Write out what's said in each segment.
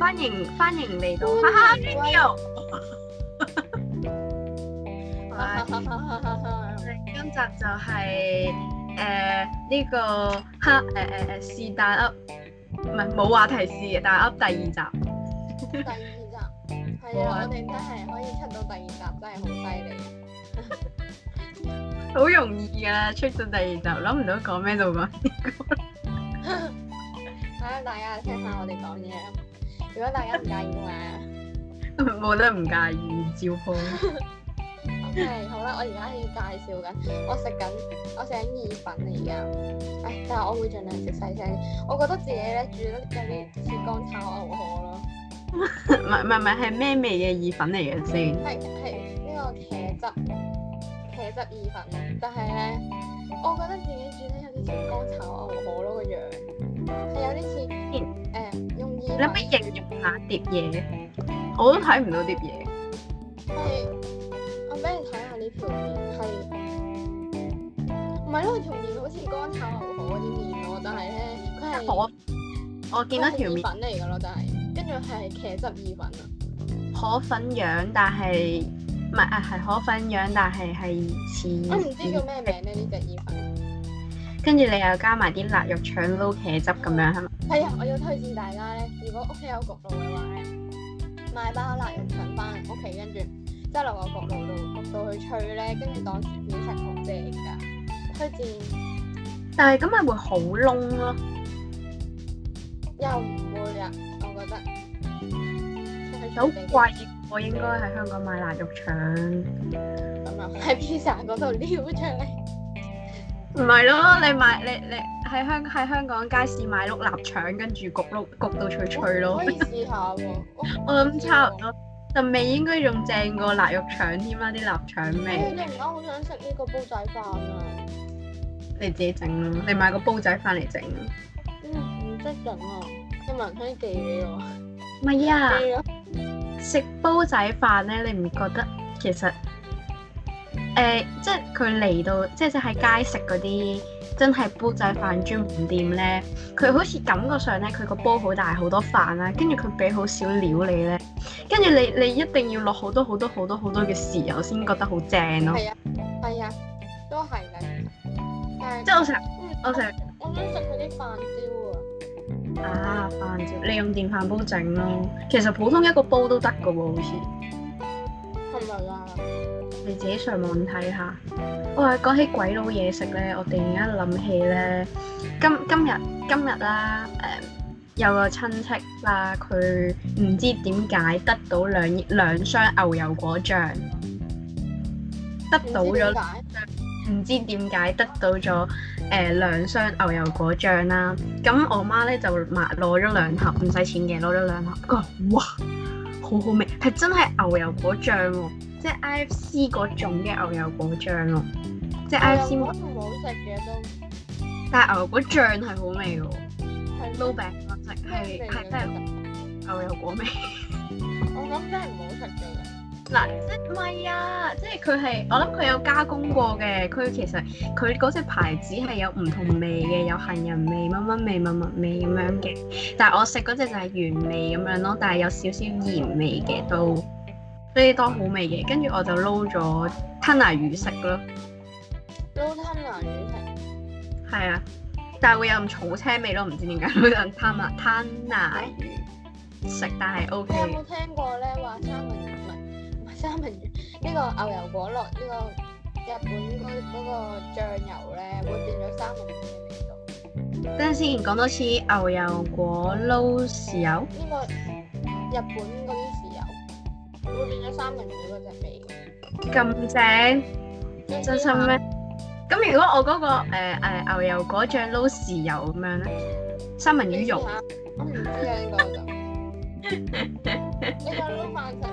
歡迎歡迎嚟到哈哈哈今集就係誒呢個哈誒誒誒是但 up 唔係冇話題是但 up 第二集。 第二集係啊！ 我哋真係可以出到第二集，真係好犀利。 好容易噶，出到第二集，諗唔到講咩就講呢個。啊 大家聽下我哋講嘢。如果大家唔介意嘅話，冇得唔介意照拍。O K，好啦，我而家要介紹緊，我食緊，我食緊意粉啊，而家。唉，但係我會盡量食細聲啲。我覺得自己呢煮得有啲似乾炒牛河咯。唔係唔係唔係，係咩味嘅意粉嚟嘅先？係係呢個茄汁，茄汁意粉。但係呢，我覺得自己煮得有啲似乾炒牛河咯，個樣係有啲似。你可唔可以形容下碟嘢？我都睇唔到碟嘢。係，我俾你睇下呢條麵。係，唔係咯？條麵好似乾炒牛河啲麵咯，但係咧，佢係河，我見到條粉嚟噶咯，但係的，跟住係茄汁意粉啊，河粉樣，但係，唔係啊，係河粉樣，但係係似，我唔知叫咩名咧呢隻意粉。跟住你又加埋啲辣肉腸撈茄汁咁樣，係咪？係啊，我要推薦大家咧，如果屋企有焗爐嘅話咧，買包辣肉腸翻嚟屋企，跟住即係落個焗爐度焗到佢脆咧，跟住當薯片食好正噶。推薦。但係咁咪會好燶咯。又唔會啊，我覺得。其實好貴，我應該喺香港買辣肉腸。咁啊，喺披薩嗰度撩出嚟。唔係咯，你買你你喺香喺香港街市買碌臘腸，跟住焗碌焗到脆脆咯、哦。可以試下喎， 我諗差唔多，陣味應該仲正過臘肉腸添、啊、啦，啲臘腸味。欸、你突然間好想食呢個煲仔飯啊！你自己整，你買個煲仔翻嚟整。嗯，唔識整喎，你問佢寄俾我。唔係啊！食久煲仔飯咧，你唔覺得其實？誒、呃，即係佢嚟到，即係喺街食嗰啲真係煲仔飯專門店咧，佢好似感覺上咧，佢個煲好大，好多飯啦、啊，跟住佢俾好少料呢你咧，跟住你你一定要落好多好多好多好多嘅豉油先覺得好正咯。係啊，係啊，啊，都係嘅。即係我成日，嗯、我成日，我想食佢啲飯焦啊！啊，飯焦，你用電飯煲整咯。其實普通一個煲都得㗎喎，好似。係你自己上網睇下。哇，講起鬼佬嘢食咧，我突然間諗起咧，今今日今日啦，誒、呃，有個親戚啦，佢唔知點解得到兩兩箱牛油果醬，得到咗，唔知點解得到咗誒兩箱牛油果醬啦。咁我媽咧就買攞咗兩盒，唔使錢嘅，攞咗兩盒。哇！好好味，係真係牛油果醬喎、哦，即係 I F C 嗰種嘅牛油果醬咯、哦，即係 I F C 冇好食嘅都，但係牛油果,牛果醬係好味嘅喎，係撈餅嗰隻係係真牛油果味， 我覺得真係唔好食嘅。嗱，即係唔係啊？即係佢係，我諗佢有加工過嘅。佢其實佢嗰隻牌子係有唔同味嘅，有杏仁味、乜乜味、乜乜味咁樣嘅。但係我食嗰隻就係原味咁樣咯，但係有少少鹽味嘅都，都幾多好味嘅。跟住我就撈咗吞拿魚食咯，撈吞拿魚食，係啊，但係會有咁草青味咯，唔知點解撈吞拿吞拿魚食，但係 O K。你有冇聽過咧話吞拿魚？三文魚呢個牛油果落呢個日本嗰嗰個醬油咧，會變咗三文魚嘅味道。等陣先，講多次牛油果撈豉油。呢個日本嗰啲豉油會變咗三文魚嗰隻味。咁正，真心咩？咁如果我嗰個誒誒牛油果醬撈豉油咁樣咧，三文魚肉，我唔知呀呢個就。你話撈飯食？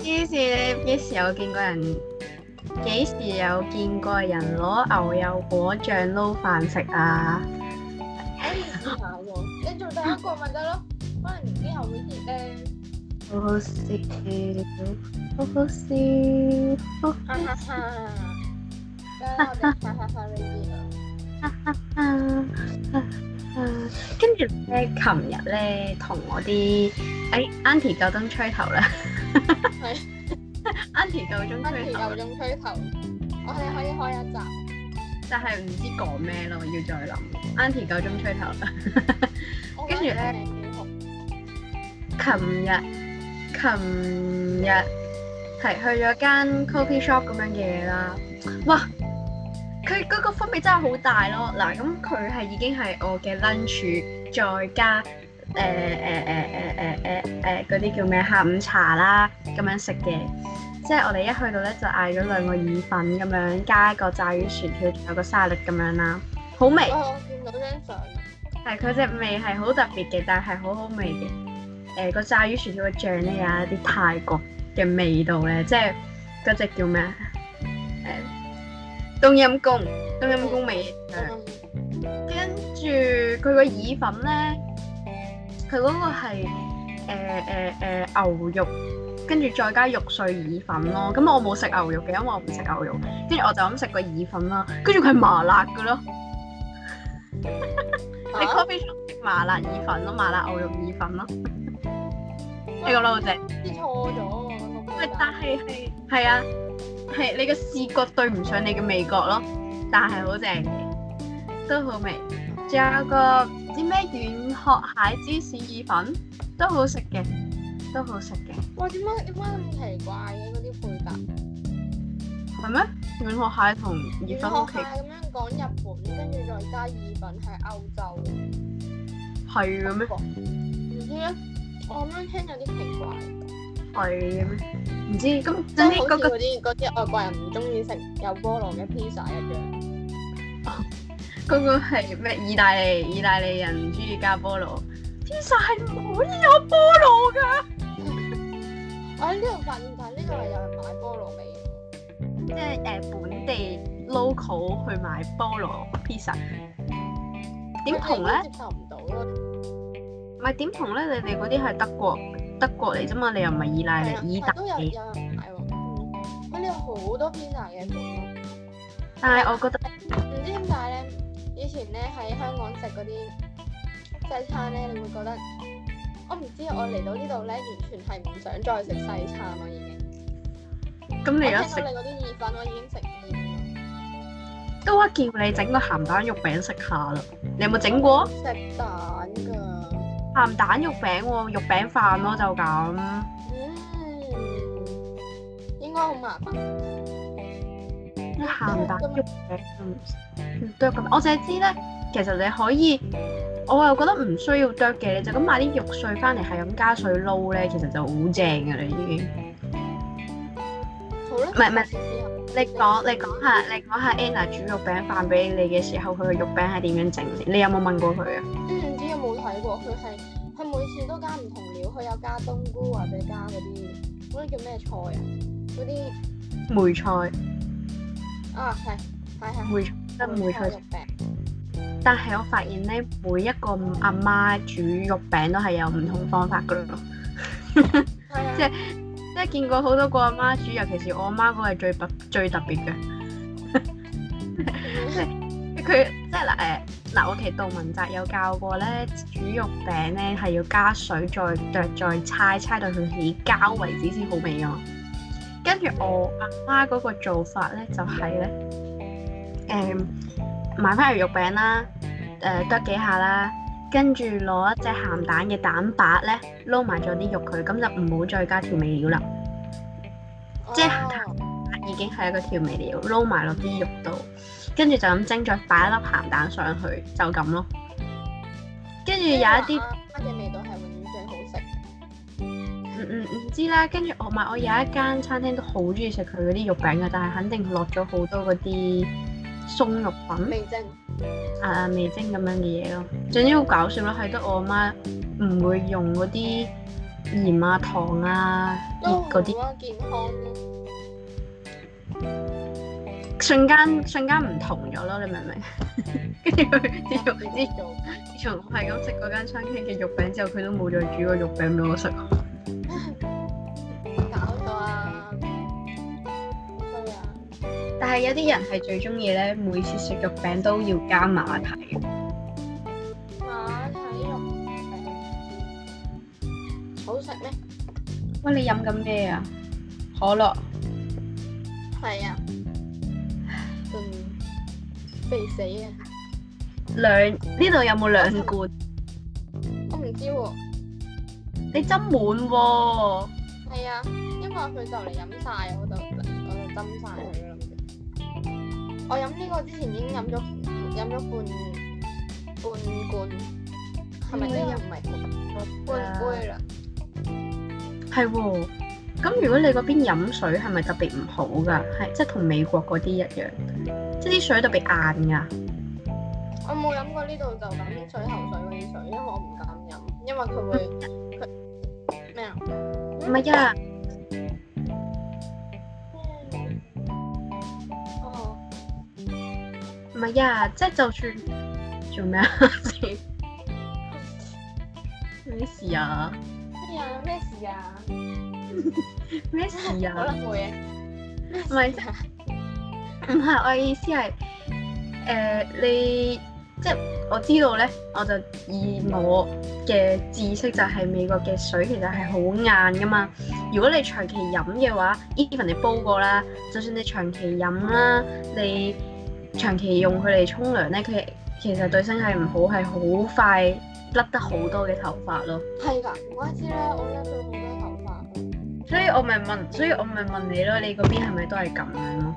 幾時？你幾時有見過人？幾時有見過人攞牛油果醬撈飯食啊？可以試下喎，你做第一個咪得咯，可能之後會熱定。好好食，好好食，好好笑，哈哈哈！真係我哋哈哈哈嚟嘅，哈哈哈！嗯、uh,，跟住咧，琴日咧同我啲，哎，Auntie 夠鐘吹頭啦，Auntie 夠鐘 Auntie 夠鐘吹頭， 我哋可以開一集，但係唔知講咩咯，要再諗。Auntie 夠鐘吹頭 呢，跟住咧，琴日，琴日係去咗間 coffee shop 咁樣嘅嘢啦，哇！佢嗰個分別真係好大咯，嗱，咁佢係已經係我嘅 lunch 再加誒誒誒誒誒誒誒嗰啲叫咩下午茶啦咁樣食嘅，即係我哋一去到咧就嗌咗兩個意粉咁樣，加一個炸魚薯條仲有個沙律咁樣啦，好味。我、哦哦、見到張相，係佢隻味係好特別嘅，但係好好味嘅。誒、呃嗰個炸魚薯條嘅醬咧有一啲泰國嘅味道咧，即係嗰隻叫咩誒？呃冬陰功，冬陰功味，嗯、跟住佢個意粉咧，佢嗰個係誒誒誒牛肉，跟住再加肉碎意粉咯。咁我冇食牛肉嘅，因為我唔食牛肉。跟住我就咁食個意粉啦。跟住佢係麻辣噶咯，啊、 你 coffee 麻辣意粉咯，麻辣牛肉意粉咯。你講得好正。知錯咗。唔係謝，但係係係啊。係你個視覺對唔上你嘅味覺咯，但係好正嘅，都好味。仲有個啲咩軟殼蟹芝士意粉，都好食嘅，都好食嘅。哇！點解點解咁奇怪嘅嗰啲配搭？係咩？軟殼蟹同意粉好奇怪咁樣講日本，跟住再加意粉係歐洲。係噶咩？唔知啊，我咁樣聽有啲奇怪。係咩？唔知咁，真係好似嗰啲啲外國人唔中意食有菠蘿嘅 pizza 一樣。哦， 嗰個係咩？意大利，意大利人唔中意加菠蘿。pizza 係唔可以有菠蘿㗎。 我喺呢度發現，但係呢個係有人買菠蘿味。即係誒本地 local 去買菠蘿 pizza。點、嗯、同咧？接受唔到唔係點同咧？你哋嗰啲係德國，德國。德國嚟啫嘛，你又唔係的意大利、意大都有有人買喎，乜你、啊、有好多 pizza 嘅？但係我覺得唔知點解咧，以前咧喺香港食嗰啲西餐咧，你會覺得我唔知我嚟到呢度咧，完全係唔想再食西餐啦，已經。咁你而家食你嗰啲意粉，我已經食厭。都話叫你整個鹹蛋肉餅食下啦，你有冇整過？食蛋㗎。鹹蛋肉餅喎、哦，肉餅飯咯，就咁，嗯嗯。嗯，應該好麻煩。鹹蛋肉餅，唔剁，多咁。我淨係知咧，其實你可以，我又覺得唔需要剁嘅，你就咁買啲肉碎翻嚟，係咁加水撈咧，其實就好正噶啦已經。好啦了。唔係唔係，你講你講下，你講下 Anna 煮肉餅飯俾你嘅時候，佢嘅肉餅係點樣整嘅？你有冇問過佢啊？唔、嗯、知有冇睇過，佢係。佢每次都加唔同料，佢有加冬菇或者加嗰啲嗰啲叫咩菜啊？嗰啲梅菜啊，係係係梅菜，即梅菜肉餅。但係我發現咧，每一個阿媽，媽煮肉餅都係有唔同方法噶咯。即係即係見過好多個阿媽，媽煮，尤其是我阿媽嗰係最特最特別嘅，即係佢。Hmm. 啊、我屋企杜文澤有教過咧，煮肉餅咧係要加水，再剁再搋，搋到佢起膠為止先好味啊！跟住我阿媽嗰個做法咧就係、是、咧，誒、嗯，買翻嚟肉餅啦，誒、呃，剁幾下啦，跟住攞一隻鹹蛋嘅蛋白咧撈埋咗啲肉佢，咁就唔好再加調味料啦，哦、即係鹹蛋已經係一個調味料，撈埋落啲肉度。跟住就咁蒸，咗，擺一粒鹹蛋上去，就咁咯。跟住有一啲嘅、啊、味道係永遠最好食。唔唔唔知啦。跟住我唔係，我有一間餐廳都好中意食佢嗰啲肉餅嘅，但係肯定落咗好多嗰啲鬆肉粉、味精啊、味精咁樣嘅嘢咯。總之好搞笑咯，係得我阿媽唔會用嗰啲鹽啊、糖啊、啊熱嗰啲健康。瞬間瞬間唔同咗咯，你明唔明？跟 住他，佢，自從自從自從我係咁食嗰間餐廳嘅肉餅之後，佢都冇再煮過肉餅俾我食。搞咗啊！衰、啊、人！但係有啲人係最中意咧，每次食肉餅都要加馬蹄。馬蹄肉餅好食咩？喂，你飲緊咩啊？可樂。係啊。肥死啊！兩呢度有冇兩罐？我唔知喎、啊。你斟滿喎、哦。係、嗯、啊，因為佢就嚟飲晒，我就哇我就斟晒佢啦。我飲呢個之前已經飲咗，飲咗半半罐，係咪你又唔係半半半杯啦？係喎、啊。咁如果你嗰邊飲水係咪特別唔好噶？係即係同美國嗰啲一樣，即係啲水特別硬噶。我冇飲過呢度就咁啲水喉水嗰啲水，因為我唔敢飲，因為佢會佢咩啊？唔係呀？哦，唔係呀？即係就算做咩啊？咩事啊？咩啊？咩事啊？咩 事啊？唔係、啊，唔係是、啊，我意思係，誒、呃，你即係我知道咧，我就以我嘅知識就係美國嘅水其實係好硬噶嘛。如果你長期飲嘅話，even 你煲過啦，就算你長期飲啦，你長期用佢嚟沖涼咧，佢其實對身體唔好，係好快甩得好多嘅頭髮咯。係噶，我關事啦，我甩咗。所以我咪問，所以我咪問你咯，你嗰邊係咪都係咁樣咯？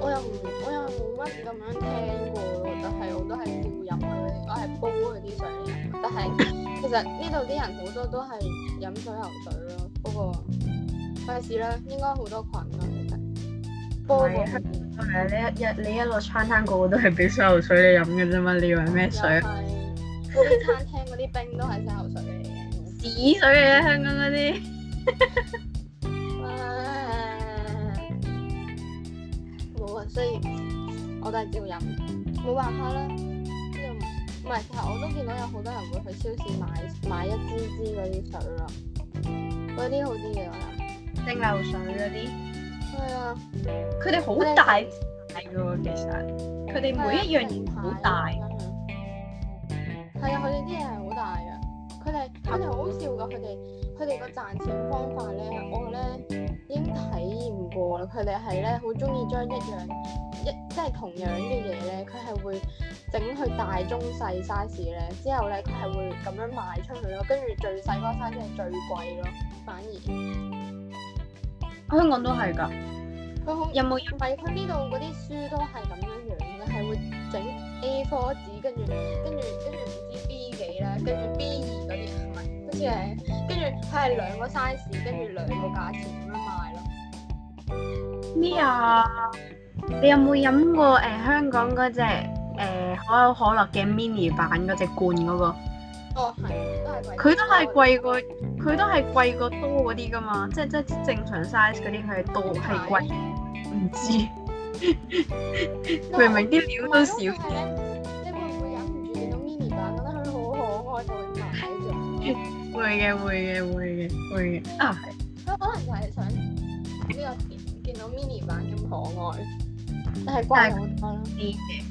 我又唔，我又冇乜咁樣聽過，但係我都係照飲佢，我係煲佢啲水飲。但係其實呢度啲人好多都係飲水喉水咯。不過費事啦，應該好多群咯，其實煲個係啊！你、 嗯、一、你一落餐廳，個個都係俾水喉水你飲嘅啫嘛？你話咩水？又我也 餐廳嗰啲冰都係水喉哈哈 水嚟嘅，紫水嘅香港嗰啲。冇啊， 所以我都係照飲，冇辦法啦。呢度唔係，其實我都見到有好多人會去超市買買一支支嗰啲水咯，嗰啲好啲嘅我飲，蒸餾水嗰啲。係啊，佢哋好、啊、了大，大嘅其實，佢哋的每一樣嘢好大。係啊，佢哋啲嘢係好大嘅，佢哋，我哋好笑噶，佢哋。佢哋個賺錢方法咧，我咧已經體驗過啦。佢哋係咧好中意將一樣一即係同樣嘅嘢咧，佢係會整去大中細 size 咧，之後咧佢係會咁樣賣出去咯。跟住最細個 size 係最貴咯，反而香港都係㗎。佢好有冇，唔係，佢呢度嗰啲書都係咁樣樣嘅，係會整 A4 紙，跟住跟住跟住唔知 B 幾啦，跟住 B 二嗰啲。好似跟住佢係兩個 size，跟住兩個價錢咁樣賣咯。咩啊？你有冇飲過誒、呃、香港嗰隻誒、呃、可口可樂嘅 mini 版嗰隻罐嗰、那個？哦，係，都係貴。佢都係貴過，佢都係貴過多嗰啲噶嘛，即係即係正，正常 size 嗰啲佢係多係貴，唔知。 明明啲料都少。咁係你會唔會忍唔住見到 mini 版覺得佢好可愛就會買咗？會嘅，會嘅，會嘅，會嘅。啊，係。佢可能就係想呢、呢個見，見到 mini 版咁可愛，但係光好啲嘅。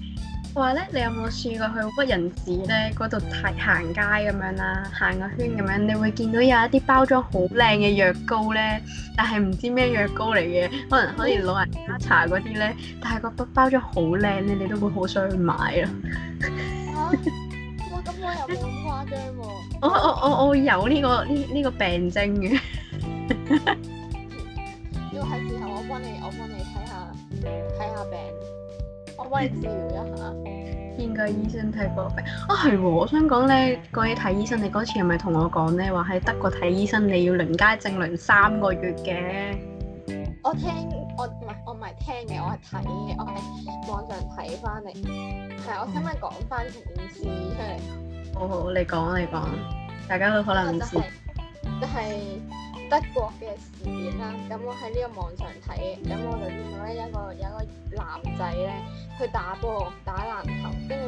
話咧，你有冇試過去屈人寺咧嗰度睇行街咁樣啦，行個圈咁樣，你會見到有一啲包裝好靚嘅藥膏咧，但係唔知咩藥膏嚟嘅，可能可以攞人抹茶嗰啲咧，但係個包包裝好靚咧，你都會好想去買囉。 啊、有咁誇張喎！我我我我有呢、這個呢呢、這個病症嘅。 要係時候我幫你我幫你睇下睇下病，我幫你治療一下。邊個醫生睇過病？啊係、哦，我想講咧，講起睇醫生，你嗰次係咪同我講咧，話喺德國睇醫生你要輪街症輪三個月嘅？我聽我唔係我唔係聽嘅，我係睇嘅，我係網上睇翻嚟。係唉，我想問講翻件事出唉好好，你講你講，大家都可能唔知、啊。就係、是就是、德國嘅事件啦，咁我喺呢個網上睇，咁我就見到咧一個有一個男仔咧去打波打籃球，跟住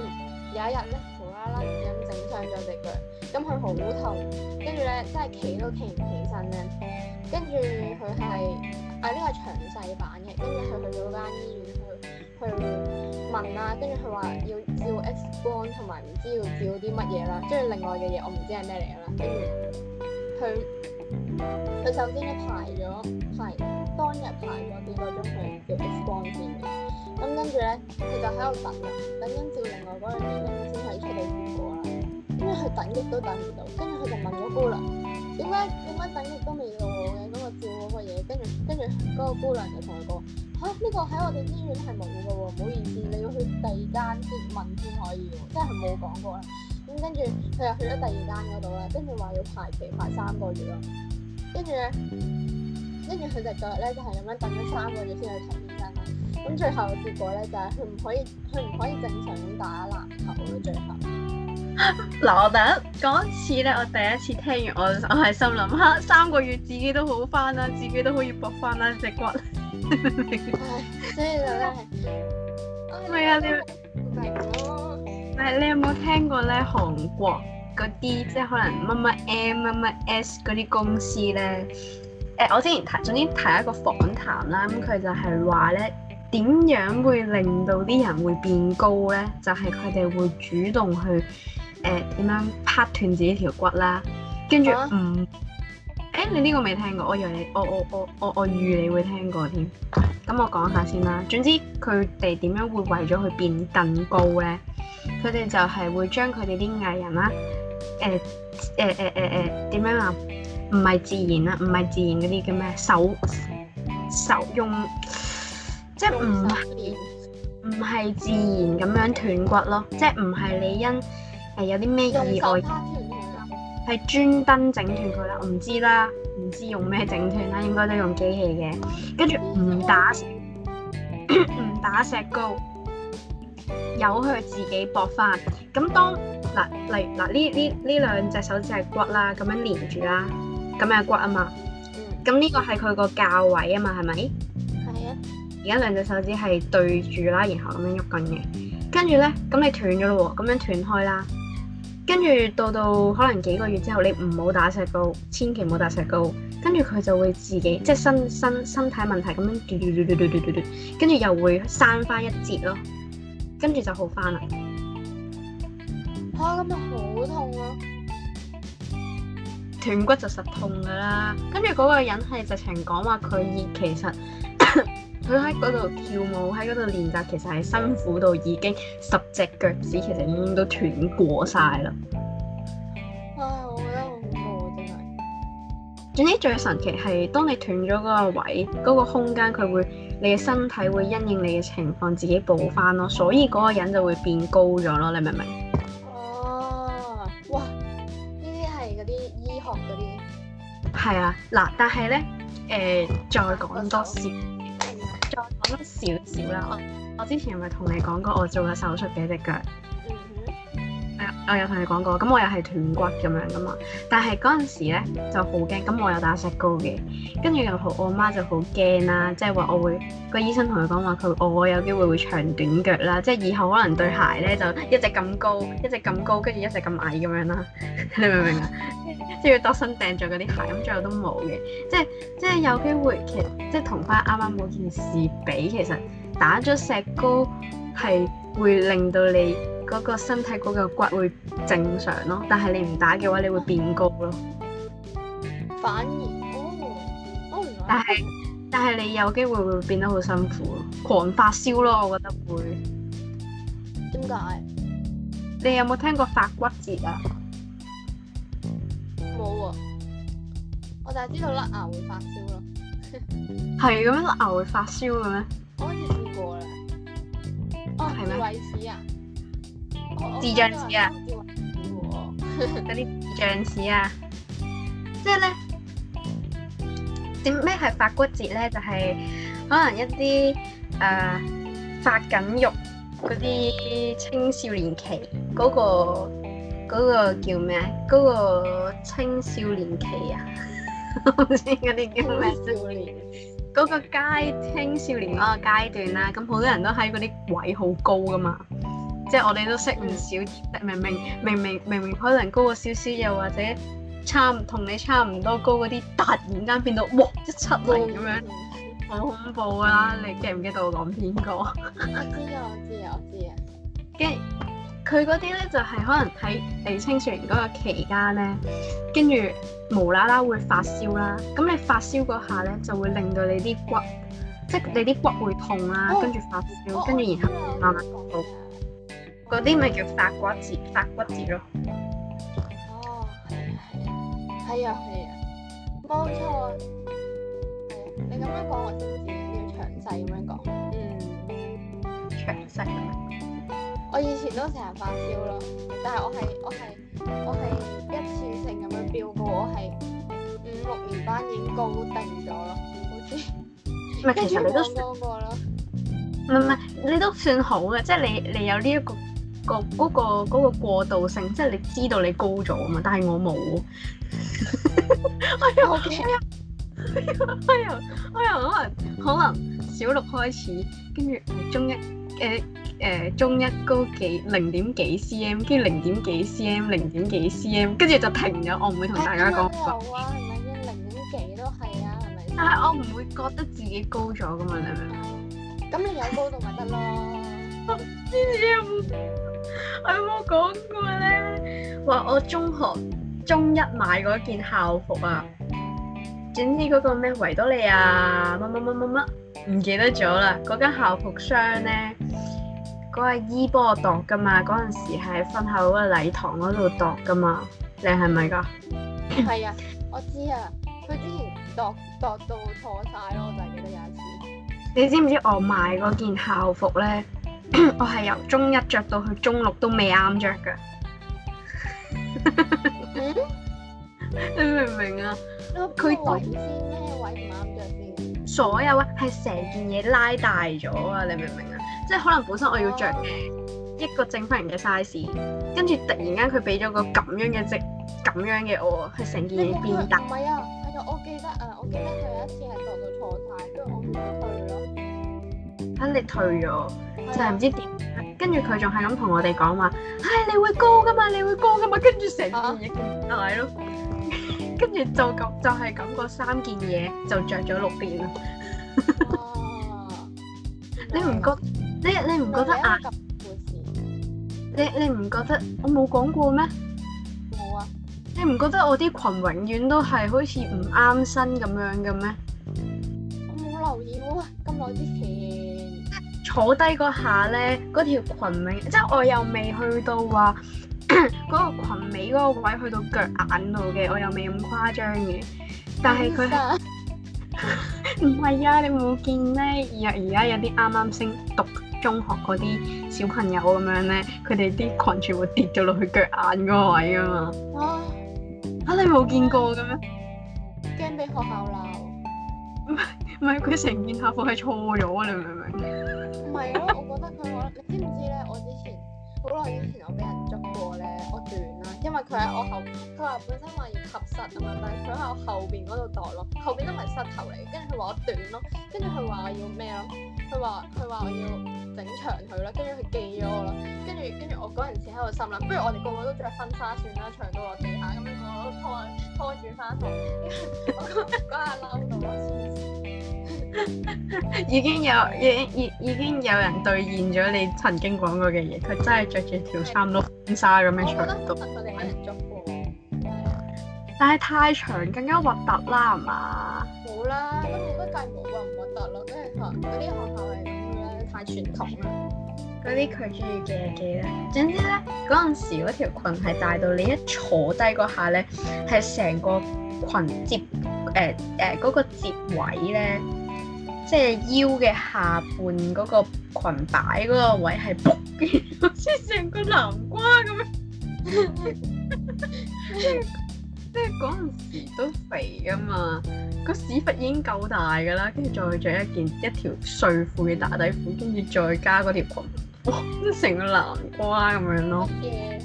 有一日咧無啦啦咁整傷咗隻腳，咁佢好痛，跟住咧真係企都企唔起身咧，跟住佢係啊呢、呢個詳細版嘅，跟住佢去咗間醫院。去問啊，跟住佢話要照 X 光同埋唔知要照啲乜嘢啦，即係另外嘅嘢我唔知係咩嚟啦。跟住佢佢首先咧排咗排當日排咗幾個鐘去照 X 光先嘅，咁跟住咧佢就喺度等啦，等緊照另外嗰樣先開始出嚟結果啦。咁佢等極都等唔到，跟住佢就問嗰姑娘：點解點解等極都未到我嘅？咁我照嗰個嘢，跟住跟住嗰個姑娘就同佢講：嚇，呢個喺我哋醫院係冇嘅喎，唔好意思，你要去第二間先問先可以喎。即係佢冇講過啦。咁跟住佢又去咗第二間嗰度啦，跟住話要排期排三個月咯。跟住咧，跟住佢隻腳咧就係咁樣等咗三個月先去睇醫生啦。咁最後結果咧就係佢唔可以，佢唔可以正常咁打籃球咯。最後。嗱，我第一嗰次咧，我第一次聽完我，我我係心諗嚇三個月自己都好翻啦，自己都可以搏翻啦隻骨，所以就咧唔係啊你唔係啊？唔係 你，你，你有冇聽過咧？韓國嗰啲即係可能乜乜 M 乜乜 S 嗰啲公司咧？誒、呃，我之前提總之提一個訪談啦，咁佢就係話咧點樣會令到啲人會變高咧？就係佢哋會主動去。誒點樣拍斷自己條骨啦？跟住唔誒，你呢個未聽過？我以為你，我我我我我預你會聽過添。咁我講下先啦。總之佢哋點樣會為咗去變更高咧？佢哋就係會將佢哋啲藝人啦，誒誒誒誒誒點樣啊？唔係自然啦，唔係自然嗰啲叫咩手手用，即係唔唔係自然咁樣斷骨咯，即係唔係你因。誒有啲咩意外嘅？係專登整斷佢啦，唔知啦，唔知用咩整斷啦，應該都用機器嘅。跟住唔打唔、嗯、 打石膏，由佢自己駁返。咁、嗯嗯、當嗱嚟嗱呢呢呢兩隻手指係骨啦，咁樣連住啦，咁樣骨啊嘛。嗯。咁呢個係佢個較位啊嘛，係咪？係啊的。而家兩隻手指係對住啦，然後咁樣喐緊嘅。跟住咧，咁你斷咗咯喎，咁樣斷開啦。跟住到到可能幾個月之後，你唔好打石膏，千祈唔好打石膏。跟住佢就會自己即係身身身體問題咁樣嘟嘟嘟嘟嘟嘟嘟，跟住又會生翻一截咯。跟住就好翻啦。嚇！咁咪好痛咯。斷骨就實痛㗎啦。跟住嗰個人係直情講話佢熱，其實。佢喺嗰度跳舞，喺嗰度練習，其實係辛苦到已經十隻腳趾，其實已經都斷過晒啦。啊，我覺得好恐怖啊。真係。總之最神奇係，當你斷咗嗰個位，嗰、嗰個空間佢會，你嘅身體會因應你嘅情況自己補翻咯，所以嗰個人就會變高咗咯，你明唔明？哦，哇！呢啲係嗰啲醫學嗰啲。係啊，嗱，但係咧，誒、呃，再講多次。再講少少啦，我我之前咪同你講過我做嘅手術嘅一隻腳。我有同你講過，咁我又係斷骨咁樣噶嘛，但係嗰陣時咧就好驚，咁我又打石膏嘅，跟住又好，我媽就好驚啦，即係話我會、嗰個醫生同佢講話，佢話我有機會會長短腳啦，即係以後可能對鞋咧就一隻咁高，一隻咁高，跟住一隻咁矮咁樣啦，你明唔明啊？即係 要度身訂做嗰啲鞋，咁最後都冇嘅，即係即係有機會，其實即係同翻啱啱嗰件事比，其實打咗石膏係會令到你。嗰個身體嗰個骨會正常咯，但係你唔打嘅話，你會變高咯。反而哦，我、哦、但係但係你有機會會變得好辛苦，狂發燒咯，我覺得會。點解？你有冇聽過發骨節啊？冇喎、啊，我就係知道甩牙會發燒咯。係 咁樣甩牙會發燒嘅咩？我好似試過啦。哦，係咩嗎？智障詞啊，嗰啲智障詞啊，即係咧點咩係發骨節咧？就係、是、可能一啲誒、呃、發緊肉嗰啲青少年期嗰、嗰個、嗰個叫咩？嗰、嗰個青少年期啊，我唔知嗰啲叫咩少年，嗰 個階青少年嗰個階段啦、啊。咁好多人都喺嗰啲位好高㗎嘛。即係我哋都識唔少，明明明明明明可能高過少少，又或者差唔同你差唔多高嗰啲，突然間變到嘩，一七零咁樣，好恐怖啦！你記唔記得我講邊個？我知啊，我知啊，我知啊。跟住佢嗰啲咧，就係、是、可能喺你青少年嗰個期間咧，跟住無啦啦會發燒啦。咁你發燒嗰下咧，就會令到你啲骨，即、就、係、是、你啲骨會痛啦，跟住、哦、發燒，跟住、哦、然後慢慢嗰啲咪叫發骨節，發骨節咯。哦，係啊，係啊，係啊，係啊，冇錯啊。係啊，你咁樣講我先至要詳細咁樣講。嗯。詳細啊？我以前都成日發燒咯，但係我係我係我係一次性咁樣飆過，我係五六年班已經高定咗咯，好似。唔係，其實你都算。唔係唔係，你都算好嘅，即係你你有呢一個。嗰個嗰個過渡性，即係你知道你高咗啊嘛，但係我冇、 哎呦 Okay. 哎。哎呀！我驚啊！哎呀、哎！可能可能小六開始，跟住中一誒誒、呃、中一高幾零點幾 cm，跟住零點幾 cm，零點幾 cm，跟住就停咗。我唔會同大家講。我、哎、有啊，係咪零點幾都係啊，係咪？但係我唔會覺得自己高咗噶嘛，你明唔明？咁、嗯、你有高度咪得咯？cm 我有冇講過咧？話我中學中一買過一件校服啊，總之嗰個咩維多利亞乜乜乜乜乜唔記得咗啦。嗰間校服商咧，嗰個阿姨幫我度㗎嘛。嗰陣時喺分校嗰個禮堂嗰度度㗎嘛。你係咪㗎？係 啊，我知啊。佢之前度度到錯晒咯，就係記得有一次。你知唔知我買嗰件校服咧？我係由中一着到去中六都未啱着㗎，你明唔明啊？佢點先咩位唔啱着先？所有啊，係成件嘢拉大咗啊！你明唔明啊？即係可能本身我要着嘅一個正方形嘅 size，跟住突然間佢俾咗個咁樣嘅即咁樣嘅我，係成件嘢變大。唔係啊，我記得啊，我記得佢有一次係度到錯晒，跟住我退咗佢。咁你退咗，就係、是、唔知點。啊、跟住佢仲係咁同我哋講話，唉、哎，你會高噶嘛？你會高噶嘛？跟住成件嘢咁大咯，跟住、啊、 就咁，就係、是、咁，嗰三件嘢就着咗六遍啦哇。 你唔覺你你唔覺得啊？你你唔覺、啊、覺得我冇講過咩？冇啊！你唔覺得我啲裙永遠都係好似唔啱身咁樣嘅咩？我冇留意喎，咁耐之前。坐低嗰下咧，嗰條裙尾，即係我又未去到話嗰個裙尾嗰個位去到腳眼度嘅，我又未咁誇張嘅。但係佢唔係啊！你冇見咩？而家有啲啱啱升讀中學嗰啲小朋友咁樣咧，佢哋啲裙全部跌咗落去腳眼嗰個位噶嘛？啊、啊！你冇見過嘅咩？驚俾學校鬧？唔係唔係，佢成件校服係錯咗啊！你明唔明？唔係咯，我覺得佢我，你知唔知咧？我之前好耐以前我俾人捉過咧，我短啦，因為佢喺我後，佢話本身話要及膝啊嘛，但係佢喺我後邊嗰度戴咯，後邊都唔係膝頭嚟，跟住佢話我短咯，跟住佢話我要咩咯？佢話佢話我要整長佢啦，跟住佢寄咗我咯，跟住跟住我嗰陣時喺度心諗，不如我哋個個都着婚紗算啦，長到落地下，咁樣個都拖拖轉翻台。我覺得嬲到我 已經有已已已經有人兌現咗你曾經講過嘅嘢。佢真係着住條三碌紗咁樣出到，但係太長更加核突啦，係嘛？好啦，咁我覺得戴帽核唔核突咯，因為嗰啲學校係咁嘅咧，太傳統啦。嗰啲佢中意嘅嘅咧，總之咧，嗰陣時嗰條裙係大到你一坐低嗰下咧，係成個裙摺誒誒嗰個摺位咧。即係腰嘅下半嗰個裙擺嗰個位係僕嘅，好似成個南瓜咁樣。即係嗰陣時都肥噶嘛，個屎忽已經夠大噶啦，跟住再着一件一條睡褲嘅打底褲，跟住再加嗰條裙，哇，成個南瓜咁樣咯。乜嘢？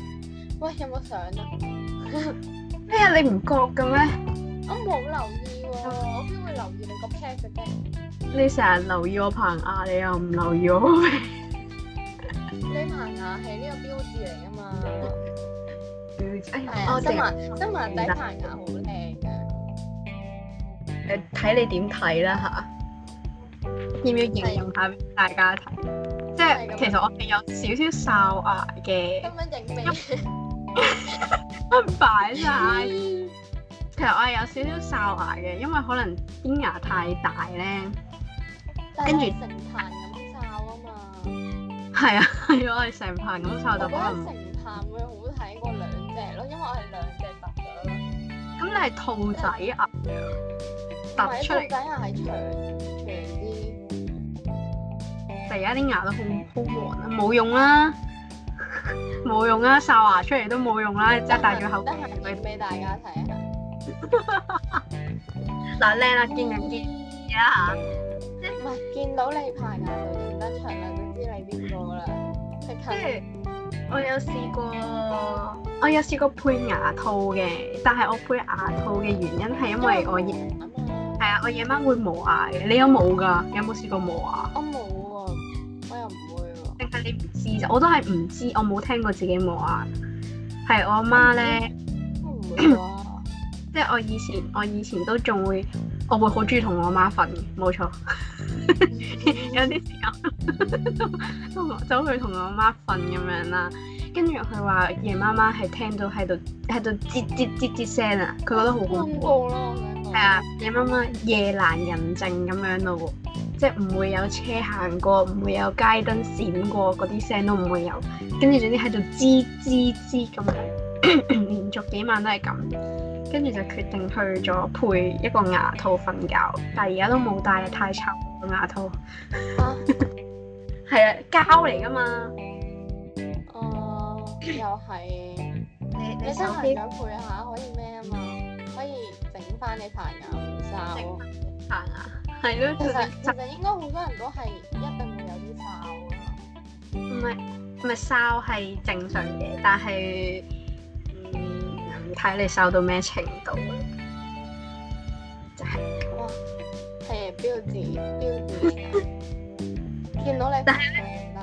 喂，有冇相啊？咩啊？你唔覺嘅咩？我冇留意喎。哦，我邊會留意你個 page 啫。啊？你成日留意我棚牙，你又唔留意我 你棚牙係呢個標誌嚟噶嘛？標誌係啊，真真係棚牙好靚嘅。誒，睇你點睇啦吓？要唔要形容下俾大家睇？即係其實我哋有少少哨牙嘅。咁樣影咩？擺晒 了。 其實我係有少少哨牙嘅，因為可能啲牙太大咧，跟住成棚咁哨啊嘛。係啊，我係成棚咁哨就。我覺得成棚會好睇過兩隻咯，因為我係兩隻凸咗咯。咁你係兔仔牙？凸出嚟？係兔仔牙係長長啲。但係而家啲牙都好好黃啦，冇用啦，冇用啦，哨牙出嚟都冇用啦，即係戴住口。都係俾大家睇下。嗱，靚啦，見人見智啦吓，即係唔係見到你排牙就認得出啦，就知你邊個啦。即係我有試過，我有試過配牙套嘅，但係我配牙套嘅原因係因為我夜，係啊，我夜晚會磨牙嘅。你有冇㗎？有冇試過磨牙？我冇啊，我又唔會啊。定係你唔知咋？我都係唔知，我冇聽過自己磨牙。係我阿媽咧。都唔會。 即係我以前，我以前都仲會，我會好中意同我媽瞓，冇錯。有啲時候，都走去同我媽瞓咁樣啦。跟住佢話夜媽媽係聽到喺度喺度吱吱吱吱聲啊，佢覺得好恐怖。係啊，夜媽媽夜闌人靜咁樣咯喎，即係唔會有車行過，唔會有街燈閃過，嗰啲聲都唔會有。跟住總之喺度吱吱吱咁樣，連續幾晚都係咁。跟住就決定去咗配一個牙套瞓覺，但係而家都冇戴，太臭個牙套。哦、 啊，係 啊，膠嚟㗎嘛。哦、uh，又係。你你真係想配下可以咩啊嘛？可以整翻你殘牙唔生。殘牙。係咯，其實其實應該好多人都係一定會有啲哨啊。唔係唔係，哨係正常嘅，但係。睇你瘦到咩程度就係，哇，係標誌標誌啊！見 到你 但，但係咧，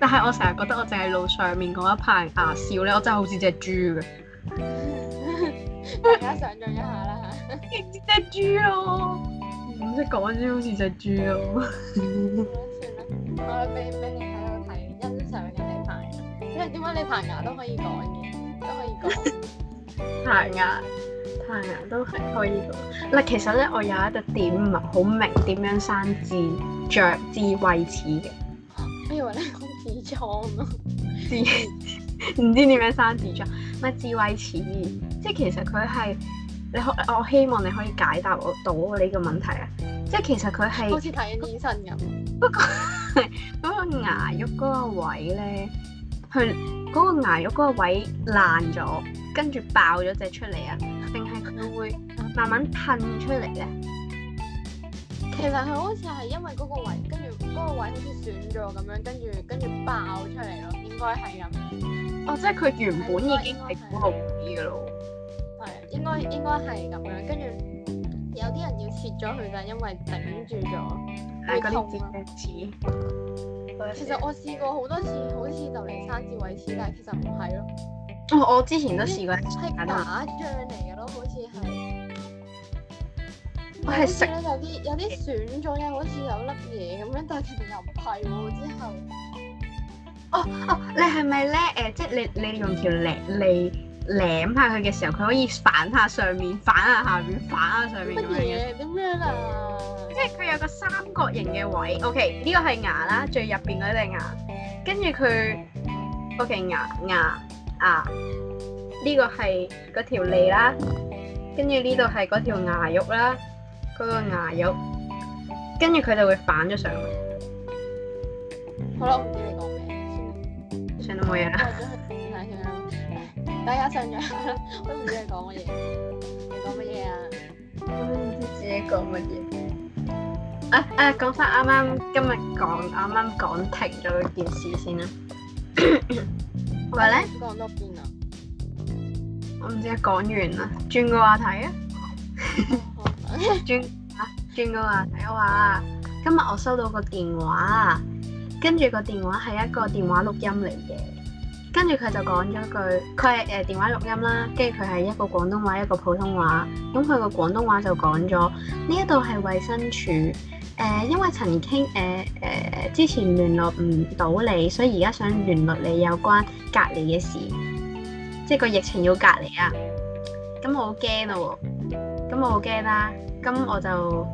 但係我成日覺得我淨係露上面嗰一排牙笑咧，我真係好似隻豬嘅。 大家想象一下啦、 喔，好似隻豬咯、喔，唔識講先好似隻豬咯。算啦，我俾俾你喺度睇欣賞嘅呢排，因為點解你排牙都可以講嘅，都可以講。 牙牙都係可以嘅。嗱，的其實咧我有一個點唔係好明點樣生智着智慧齒嘅，我以為你講智裝咯，智唔知點樣生智裝乜智慧齒，即係其實佢係你可我希望你可以解答我到呢，這個問題啊，即係其實佢係好似睇緊醫生咁，不過嗰 個牙肉嗰個位咧，佢，嗰，那個牙肉嗰個位爛咗。跟住爆咗隻出嚟啊？定係佢會慢慢噴出嚟咧？其實佢好似係因為嗰個位，跟住嗰個位好似損咗咁樣，跟住跟住爆出嚟咯，應該係咁。哦，即係佢原本已經好紅嘅咯。係，應該應該係咁樣。跟住有啲人要切咗佢，就係因為頂住咗。係三字。其實我試過好多次，好似就嚟三字位刺，但係其實唔係咯。哦，我之前都試過，係牙醬嚟嘅咯，好似係。我係食。有啲點有啲損咗嘅，嗯、好似有粒嘢咁樣，但係其實又唔係喎。之後，哦哦，你係咪咧？誒、呃，即係你你用條脷嚟舐下佢嘅時候，佢可以反下上面，反下下面，反下上面咁麼樣嘅。乜嘢咁樣啊？即係佢有個三角形嘅位。O K，呢個係牙啦，最入邊嗰隻牙。跟住佢，O K，牙牙。牙牙牙啊呢個係嗰條脷啦，跟住呢度係嗰條牙肉啦，嗰個牙肉，跟住佢就會反咗上去。好啦，唔知你講咩，算啦，算都冇嘢啦。大家上咗，我都唔知你講乜嘢，你講乜嘢啊？我都唔知自己講乜嘢。啊啊，講翻啱啱今日講啱啱講停咗件事先啦。喂咧，講到邊啊？我唔知啊，講完啦。轉個話題啊！轉 吓，轉、啊、個話題話。我話今日我收到個電話，跟住個電話係一個電話錄音嚟嘅。跟住佢就講咗句，佢係誒電話錄音啦。跟住佢係一個廣東話，一個普通話。咁佢個廣東話就講咗呢一度係衛生署。誒、呃，因為曾經誒誒、呃呃、之前聯絡唔到你，所以而家想聯絡你有關隔離嘅事，即係個疫情要隔離啊！咁我好驚咯喎，咁我好驚啦，咁我就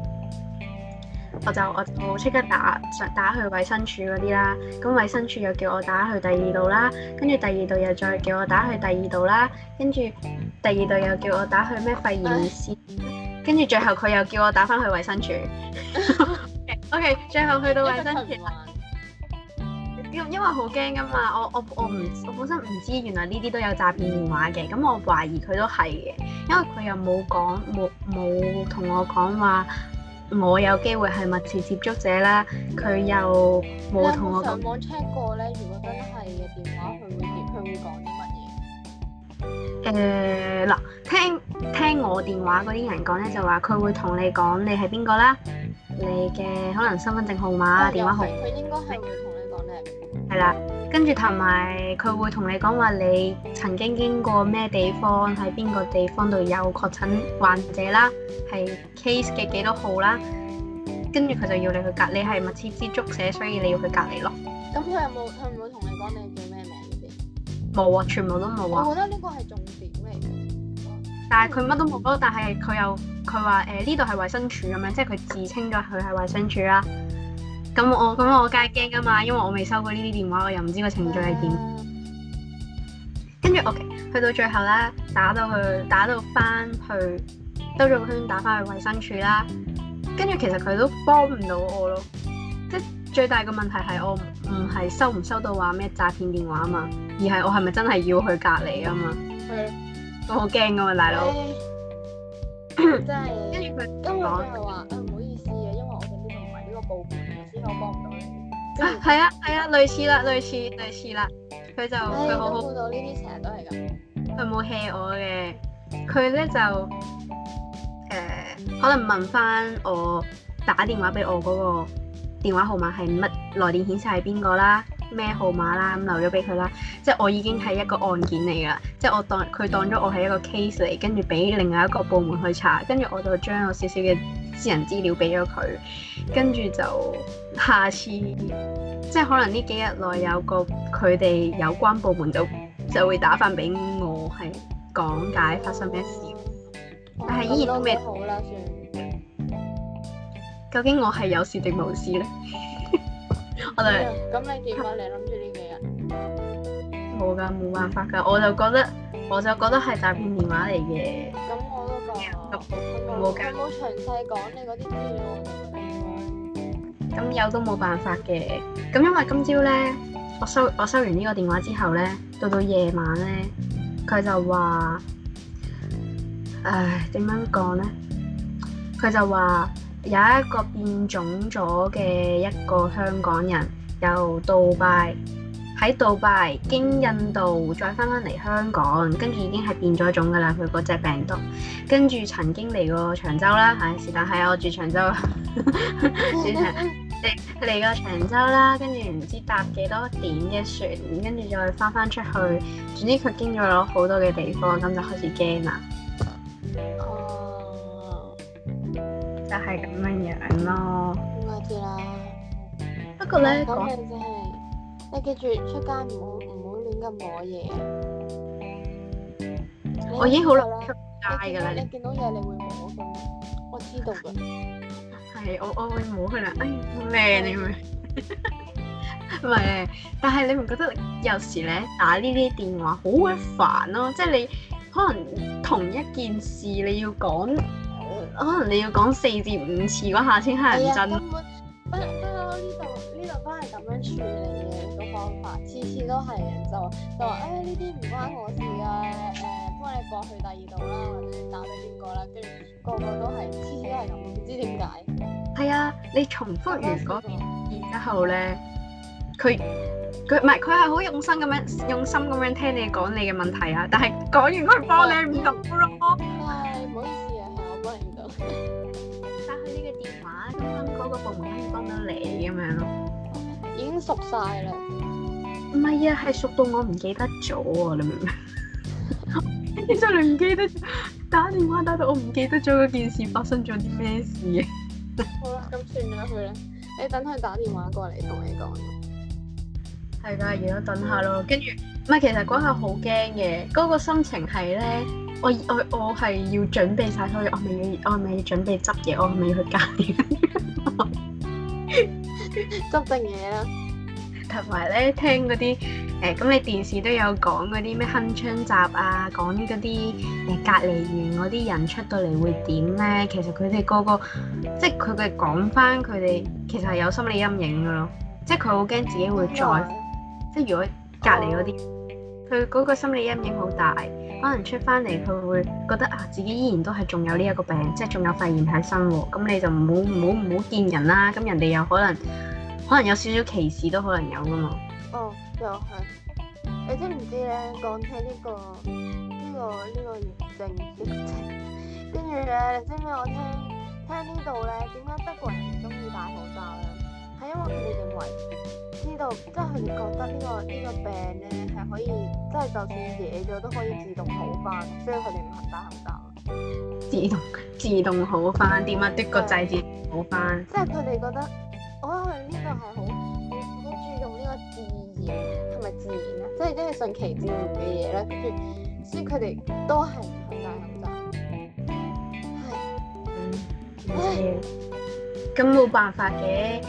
我就我我即刻打打去衞生署、啊、衛生署嗰啲啦，咁衞生處又叫我打去第二度啦、啊，跟住第二度又再叫我打去第二度啦，跟住第二度又叫我打去咩肺炎先、哎？跟住最後佢又叫我打翻去衞生署。 okay, OK，最後去到衞生署。 因為好驚噶嘛， 我我我唔，我本身唔知原來呢啲都有詐騙電話嘅，咁我懷疑佢都係嘅，因為佢又冇講冇冇同我講話，我有機會係密切接觸者啦，佢 又冇同我講。因為、嗯、上網 check 過咧，如果。誒，嗱、呃，聽聽我電話嗰啲人講咧，就話佢會同你講你係邊個啦，你嘅可能身份證號碼、啊、電話號碼，佢應該係會同你講你係邊個啦，跟住同埋佢會同你講話你曾經經過咩地方，喺邊個地方度有確診患者啦，係 case 嘅幾多號啦，跟住佢就要你去隔離，你係密切接觸者，所以你要去隔離咯。咁佢有冇？佢唔會同你講你冇啊，全部都冇啊！我覺得呢個係重點嚟嘅，但係佢乜都冇咯。但係佢又佢話誒呢度係衞生署咁樣，即係佢自稱咗佢係衞生署啦。咁我咁我梗係驚㗎嘛，因為我未收過呢啲電話，我又唔知個程序係點。跟住我去到最後咧，打到去打到翻去兜咗個圈打，打翻去衞生署啦。跟住其實佢都幫唔到我咯。即最大嘅問題係我唔係收唔收到話咩詐騙電話嘛，而係我係咪真係要去隔離啊嘛？係啊的、欸，我好驚噶嘛，大佬。 真係。跟住佢今日都係話啊，唔好意思嘅，因為我哋呢度唔係呢個部門，所以我幫唔到你。啊，係啊，係啊，類似啦，類似類似啦。佢就佢好好。哎說哎、到呢啲成日都係咁。佢冇 hea 我嘅，佢咧就誒可能問翻我打電話俾我嗰、嗰個。電話號碼係乜，來電顯示係邊個啦？咩號碼啦？咁留咗俾佢啦。即係我已經係一個案件嚟㗎。即係我當佢當咗我係一個 case 嚟，跟住俾另外一個部門去查。跟住我就將我少少嘅私人資料俾咗佢。跟住就下次，即係可能呢幾日內有個佢哋有關部門就就會打返俾我，係講解發生咩事。但係依然都未好喇，算。究竟我係有事定無事咧？我哋咁你結婚你諗住呢幾日？冇㗎，冇辦法㗎。我就覺得，我就覺得係詐騙電話嚟嘅。咁我都講冇冇冇。有冇詳細講你嗰啲資料？我就唔理我。咁有都冇辦法嘅。咁因為今朝咧，我收我收完呢個電話之後咧，到到夜晚咧，佢就話，唉，點樣講咧？佢就話。有一個變種咗嘅一個香港人，由杜拜喺杜拜經印度再翻返嚟香港，跟住已經係變咗種噶啦佢嗰隻病毒。跟住曾經嚟過長洲啦，係、哎、是，但係、哎、我住長洲，主持人嚟嚟過長洲啦，跟住唔知搭幾多點嘅船，跟住再翻翻出去，總之佢經咗好多嘅地方，咁就開始驚啦。係咁樣樣囉，應該知啦。不，不過咧，講真係你記住出街唔好唔好亂咁摸嘢。我已經好耐出街㗎啦。你見到嘢你會摸㗎？我知道㗎。係 我我會摸佢啦。哎呀，咩的你咪會？唔 係，但係你唔覺得有時咧打呢啲電話好鬼煩咯？即係你可能同一件事你要講。可能、哦、你要講四至五次嗰下先乞人憎，哎。不過呢度呢度都係咁樣處理嘅個方法，次次都係就就話誒呢啲唔關我事啊，誒、呃、幫你過去第二度啦，或者打俾邊個啦，跟住個個都係次次都係咁，唔知點解。係啊、哎，你重複完嗰，然果個後咧，佢佢唔係佢係好用心咁樣用心咁樣聽你講你嘅問題啊，但係講完佢幫你唔同。咯、哎呀。係，唔、哎、好意思。 打佢呢個電話，咁嗰個部門可以幫到你咁樣咯。已經熟晒啦，唔係啊，係熟到我唔記得咗啊！你明唔明？你真係唔記得咗打電話打到我唔記得咗嗰件事發生咗啲咩事啊？好啦，咁算咗佢啦。你等佢打電話過嚟同你講。係噶，而家等下咯。跟住，唔係，其實嗰下好驚嘅，嗰個心情係咧。我我我係要準備晒，所以我咪要我咪要準備執嘢，我係咪要去隔離執定嘢啦？同埋咧，聽嗰啲誒，咁、呃、你電視都有講嗰啲咩鏗鏘集啊，講嗰啲誒隔離完嗰啲人出到嚟會點咧？其實佢哋個個即係佢哋講翻，佢哋其實係有心理陰影噶咯，即係佢好驚自己會再即係如果隔離嗰啲，佢嗰、oh. 個心理陰影好大。可能出翻嚟佢會覺得啊，自己依然都係仲有呢一個病，即係仲有肺炎喺身喎。咁你就唔好唔好唔好見人啦。咁人哋又可能可能有少少歧視都可能有噶嘛。哦，又係。你知唔知咧？講起呢個呢個呢個疫情，跟住咧，你知唔知我聽聽呢度咧，點解德國人唔中意戴口罩？因為佢哋認為呢度，即係佢哋覺得呢、這個呢、這個病咧係可以，即、就、係、是、就算惹咗都可以自動好翻，所以佢哋唔肯戴口罩。自動的的自動好翻？點啊？的個制止好翻？即係佢哋覺得，我諗佢呢度係好好注重呢個自然係咪自然啊、就是？即係即係順其自然嘅嘢咧，跟住，所以佢哋都係唔戴口罩。係，嗯，咁冇唉辦法嘅。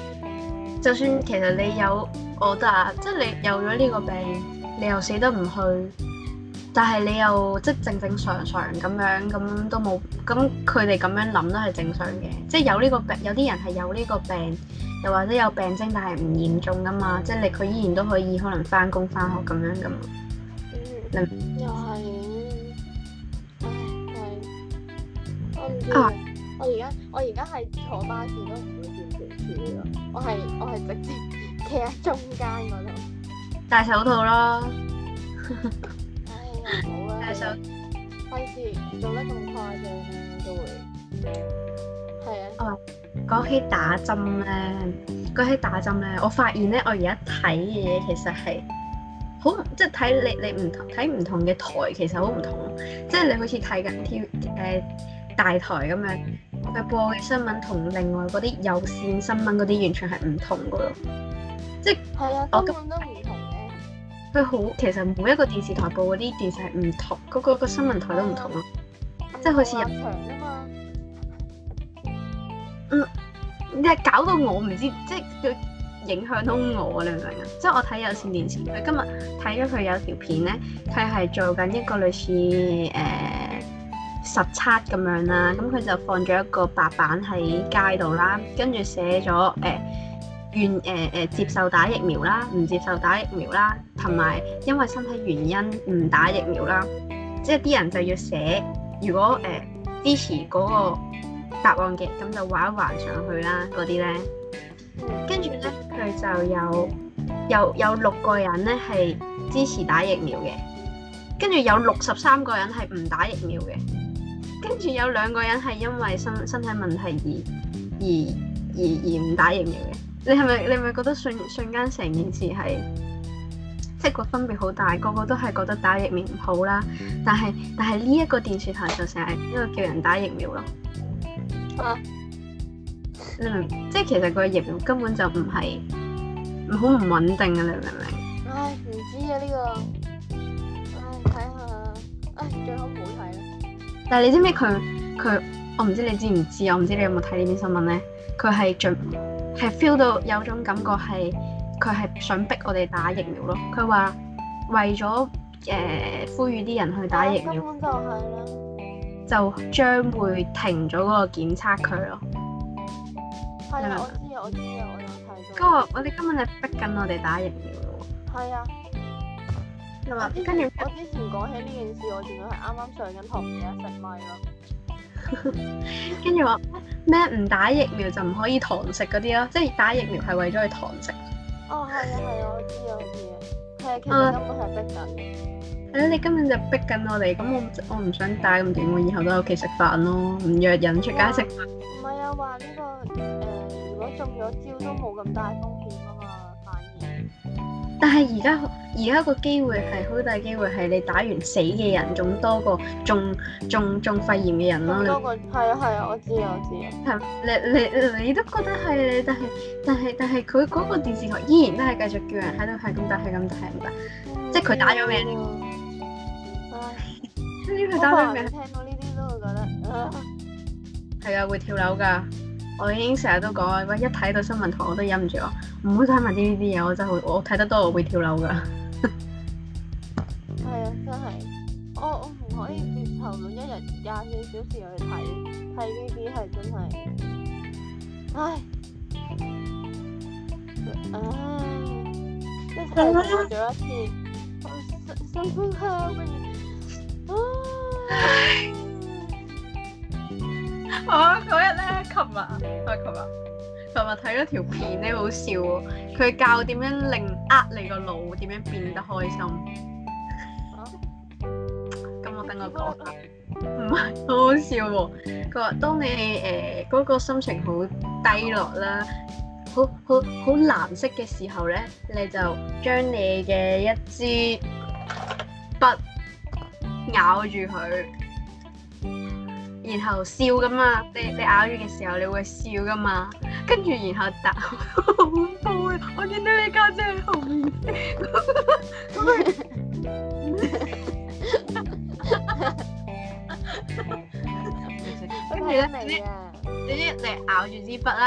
就算其實你有，我得啊，即係你有咗呢個病，你又死得唔去，但係你又即正正常常咁樣，咁都冇，咁佢哋咁樣諗都係正常嘅。即係有呢個病，有啲人係有呢個病，又或者有病徵，但係唔嚴重噶嘛。即係你佢依然都可以可能翻工翻學咁樣噶、嗯、你又係唉、我唔知啊。我而家我而家係坐巴士都唔會咯。我係我係直接企喺中間嗰度，戴手套咯 哎。戴手費事做得咁誇張咧，都會驚。係啊。哦，講起打針咧，講起打針咧，我發現咧，我而家睇嘅嘢其實係好，即係睇你你唔同睇唔同嘅台，其實好唔同。即係你好似睇緊 TV 誒大台咁樣。佢播嘅新聞同另外嗰啲有線新聞嗰啲完全係唔同噶咯，即係，我根本都唔同嘅。佢好，其實每一個電視台播嗰啲電視係唔同，嗰、那個個新聞台都唔同咯。 即係好似入場啊嘛。 嗯，你係搞到我唔知，即係佢影響到我，你明唔明啊？即係我睇有線電視，佢今日睇咗佢有條片咧，佢係做緊一個類似誒，呃實測咁樣啦，咁佢就放咗一個白板喺街度啦，跟住寫咗誒願誒誒接受打疫苗啦，唔接受打疫苗啦，同埋因為身體原因唔打疫苗啦，即係啲人就要寫如果誒、呃、支持嗰個答案嘅，咁就畫一畫上去啦嗰啲咧，跟住咧佢就有有有六個人咧係支持打疫苗嘅，跟住有六十三個人係唔打疫苗嘅。跟住有兩個人係因為身身體問題而而而而唔打疫苗嘅，你係咪你係咪覺得瞬瞬間成件事係即個分別好大，個個都係覺得打疫苗唔好啦，但係但係呢一個電視台就成日一個叫人打疫苗咯。啊！你明即其實個疫苗根本就唔係唔好唔穩定啊！你明唔明啊呢個？唉，唔知啊呢個唉，睇下唉，最好唔好睇。但係你知唔知佢佢，我唔知你知唔知啊？我唔知你有冇睇呢篇新聞咧？佢係盡係 feel 到有種感覺係佢係想逼我哋打疫苗咯。佢話為咗誒、呃、呼籲啲人去打疫苗，根本就係啦，就將會停咗嗰個檢測佢咯。係啊的吧，我知啊，我知啊，我有睇。嗰個我哋根本就逼緊我哋打疫苗咯。係啊。啊、跟住著我之前講起呢件事，我仲要係啱啱上緊堂而家食米咯。 跟住話咩唔打疫苗就唔可以堂食嗰啲咯，即係打疫苗係為咗去堂食。哦，係啊，係啊，我知啊，我知啊。係啊，其實根本係逼緊。係啊，你根本就逼緊我哋，咁 Okay. 我我唔想打咁點，我以後都喺屋企食飯咯，唔約人出街食飯。唔係、嗯、啊，話呢、這個誒、呃，如果中咗招都冇咁大風險啊嘛，反、那、而、個。但係而家。而家個機會係好大，機會係你打完死嘅人仲多過中中中，中肺炎嘅人咯，多過。係啊，係啊，我知我知啊，你你你都覺得係啊，但係但係但係佢嗰個電視台依然都係繼續叫人喺度係咁打係咁、嗯啊、 打咁打，即係佢打咗名，唉，呢啲打咗名，聽到呢啲都會覺得，係啊 會跳樓㗎。我已經成日都講啊，喂，一睇到新聞台我都忍唔住，我唔好睇埋啲呢啲嘢，我真係我睇得多我會跳樓㗎。係 啊，真係、oh, 我我唔可以接受每一日廿四小時去睇睇 B B，係真係，唉唉，辛苦好搞笑，我心心都黑。唉，我嗰日咧，琴日啊，琴日琴日睇咗條片咧，好笑，啊，佢教點樣令呃你個腦，點樣變得開心。我等我講，唔 係好好笑喎、啊。佢話當你誒嗰、呃那個心情好低落啦、嗯，好好好藍色嘅時候咧，你就將你嘅一支筆咬住佢，然後笑㗎嘛。你你咬住嘅時候你會笑㗎嘛？跟住然後答： 「好恐怖啊！我見到你家姐好面。 跟住咧，你咧，你咬住支筆啦，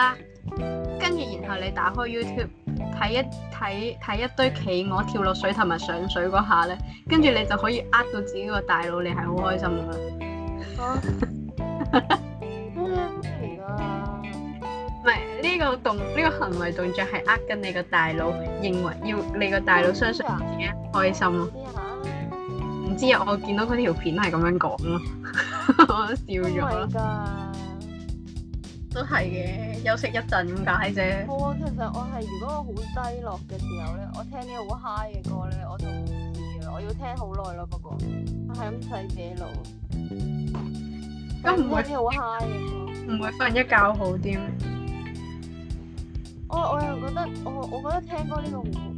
跟住然後你打開 YouTube，睇一睇睇一堆企鵝跳落水同埋上水嗰下咧，跟住你就可以呃到自己個大佬。你係好開心噶嘛。唔係呢個動呢、呢個行為動作係呃緊你個大佬，認為要你個大佬相信自己開心咯、啊。之後我見到佢條片係咁樣講咯，笑咗。Oh、my 都係㗎，都係嘅。休息一陣咁解啫。我其實我係如果我好低落嘅時候咧，我聽啲好 high 嘅歌咧，我就唔知啦。我要聽好耐咯，那個、不過我係咁細嘅路。都唔會。啲好 high 嘅歌。唔會瞓一覺好啲。我我又覺得我我覺得聽歌呢、呢個。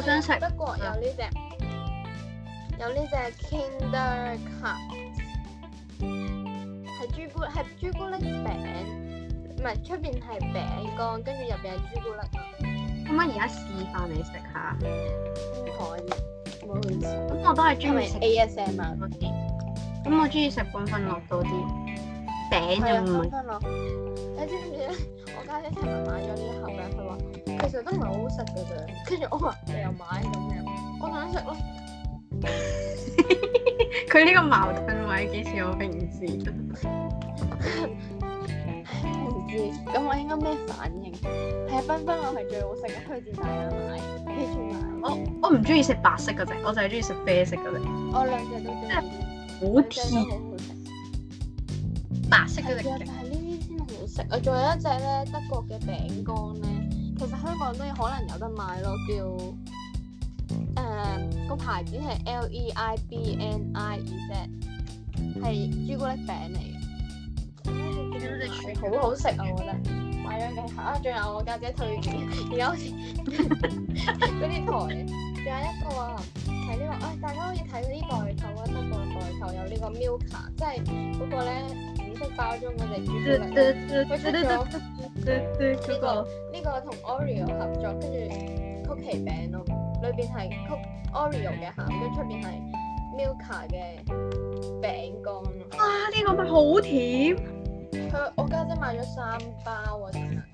想食，不過有呢隻，啊、有呢隻 Kinder cups 係朱古力，係朱古力餅，唔係出邊係餅乾，跟住入邊係朱古力乾。咁我而家試翻你食下，唔可以，唔好意思。咁我都係中意食 A S M 啊嗰啲，咁、okay. 我中意食半份落多啲餅就半份落。你知唔知？我家姐琴日買咗呢盒嘅，佢話。其實都唔係好食嘅啫，跟住我話你又買咁又，我想食咯。佢呢個矛盾位幾時我平時？唔知。咁我應該咩反應？係啊，彬彬我係最好食嘅，推薦大家買，俾佢買。我我唔中意食白色嗰隻，我就係中意食啡色嗰隻。我兩隻都中意。好甜。白色嗰隻。係啊，但係呢啲先好食啊！仲有一隻咧，德國嘅餅乾咧。其實香港都可能有得賣咯，叫誒、嗯，那個牌子係 Leibniz，係朱古力餅嚟嘅，哎、好好食啊！我覺得買咗幾盒啊，仲有我家姐，姐推薦，而家好似嗰啲台，仲有一個睇呢、這個，唉、哎，大家可以睇嗰啲代購啊，不過代購有呢個 Milka 即係不過咧，五色包裝嗰隻朱古力，佢就、嗯。嗯呢、這個呢、這個同 Oreo 合作，跟住曲奇餅咯，裏邊係曲 Oreo 嘅餡，跟出邊係 Milka 嘅餅乾咯。哇！呢、啊這個咪好甜，佢、嗯、我家姐,姐買咗三包啊！真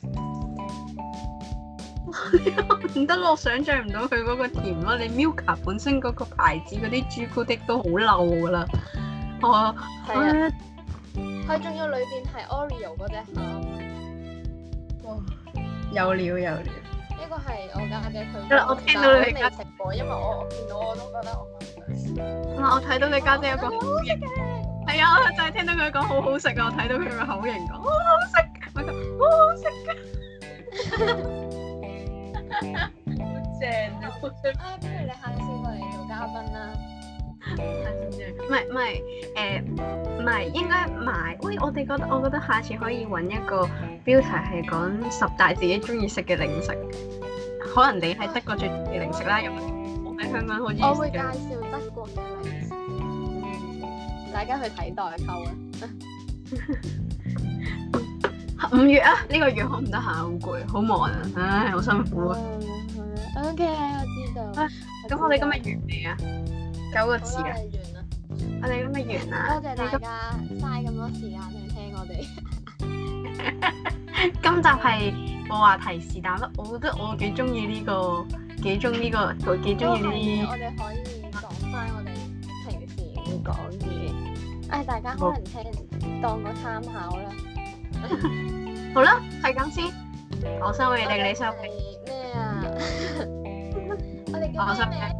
係， 唔得我想象唔到佢嗰個甜咯、啊。你 Milka 本身嗰個牌子嗰啲朱古力都好漏噶啦。哦，係啊，佢仲要裏邊係 Oreo 嗰隻餡。有料有料，呢個係我家姐佢。我聽到你家姐未食過，因為我我見到我都覺得我。我睇到你家姐講好好食嘅，係啊，就係聽到佢講好好食啊！我睇到佢個到到到口型講好好食，我好好食㗎、啊，好正啊！哎哎、不如你下次過嚟做嘉賓啦。唔係唔係，誒唔係應該買？喂、哎，我哋覺得我覺得下次可以揾一個標題係講十大自己中意食嘅零食。可能你喺德國最中意零食啦，有冇、哎？我喺香港好中意。我會介紹德國嘅零食， 大家去睇代購啊！ 五月啊、呢、這個月好唔得閒，好攰，好忙啊，唉、哎，好辛苦啊、嗯嗯！OK，我知道。咁我哋今日完未啊？九個字㗎！我哋咁咪完啦！多謝大家嘥咁多時間聽我哋。今集係冇話題是但咯，我覺得我幾中意呢個，幾中呢個，我幾中意呢啲。我哋可以講翻我哋平時講嘅嘢，唉，大家可能聽當個參考啦。好啦，係咁先。我收尾，你收尾咩啊？我收尾。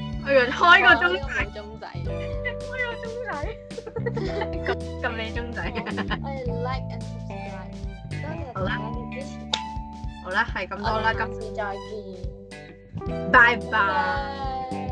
我哎呀！開個鐘仔，開個鐘仔，撳你鐘仔。我係 Like and Subscribe，多謝好啦。好啦，係咁多啦，今次再見，拜拜。